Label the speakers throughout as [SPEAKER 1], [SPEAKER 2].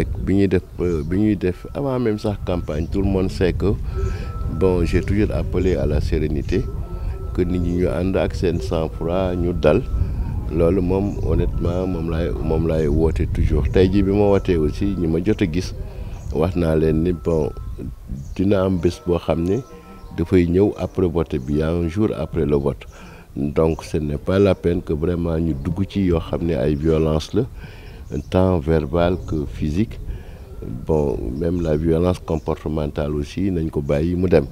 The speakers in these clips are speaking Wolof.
[SPEAKER 1] Euh, avant même sa campagne tout le monde sait que bon j'ai toujours appelé à la sérénité que ñi ñu ak sang ñu honnêtement moom toujours tay ji bi aussi gis wax ni bon dina am après vote un jour après le vote donc ce n'est pas la peine que vraiment ñu dugg ci yoo xam violence tant verbal que physique bon même la violence comportementale aussi nañ ko bàyyi mu dem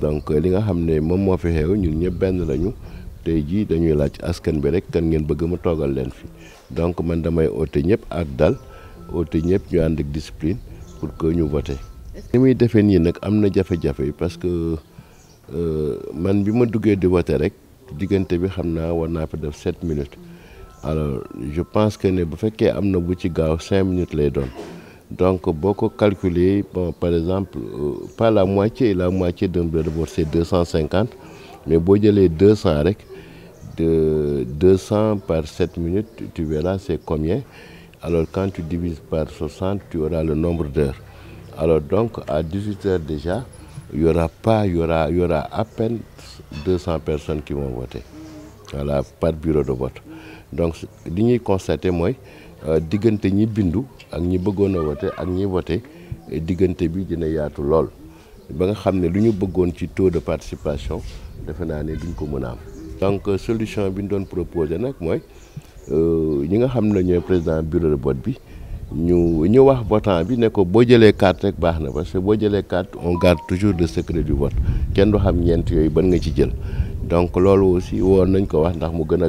[SPEAKER 1] donc li nga xam ne moom moo fi xew ñun ñëpp benn lañu tey jii dañuy laaj askan bi rek kan ngeen bëgg mu togal leen fi donc man damay oote ñëpp ak dal oote ñëpp ñu ànd ak discipline pour que ñu voté ni muy defee nii nag am jafé jafe parce que euh man bima duggé duggee di vote rek digënté bi xamna war na fa def 7 minutes alors je pense que ne bu fait minutes les dons. donc beaucoup calculer par exemple euh, pas la moitié la moitié d'un blé de bord c'est 250. mais si les 200 200, 200 de 200 par 7 minutes tu verras c'est combien alors quand tu divises par 60, tu auras le nombre d'heures alors donc à 18 heures déjà il y aura pas il y aura à peine 200 personnes qui vont voter voilà par bureau de vote donc li ñuy constaté mooy euh, diggante ñi bindu ak ñi bëggoon voter ak ñi voter digënté bi dina yaatu lool ba nga xamné ne lu ñu bëggoon ci taux de participation defe na né duñ ko mëna am. donc euh, solution bi ñu doon nak moy euh ñi nga xam ne ñooy président bureau de vote bi ñu ñu wax votant bi ne ko boo jëlee carte rek baax parce que bo jëlé carte on garde toujours le secret du vote kenn du xam ñent yoy ban nga ci jël donc loolu aussi on a ko wax ndax mu gën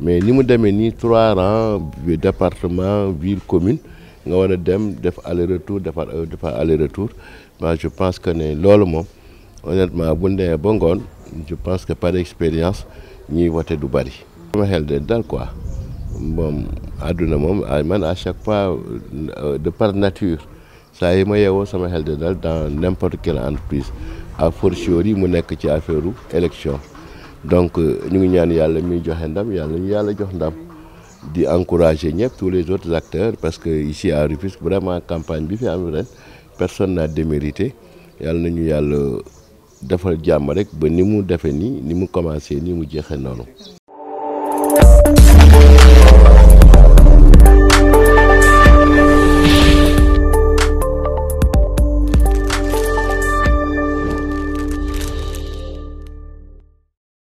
[SPEAKER 1] mais ni mu demee trois rangs département ville commune nga avons a dem def aller retour defar euh, aller retour je pense que c'est loolu honnêtement bu je pense que par expérience ni wote du bari. sama xel de dal quoi bon, àdduna man à chaque fois euh, de par nature ça, yi ma yeewoo sama xel dans n'importe quelle entreprise à fortiori mu nekk ci affaire élection. donc ñu ngi ñaan yàlla mi joxe ndam yàlla ñu yàlla jox ndam di encourager ñëpp tous les autres acteurs parce que ici à Rufus vraiment campagne bi fi am ren personne n'a démérité yàlla nañu yàlla defal jàmm rek ba ni mu defee nii ni mu commencé ni mu jeexee noonu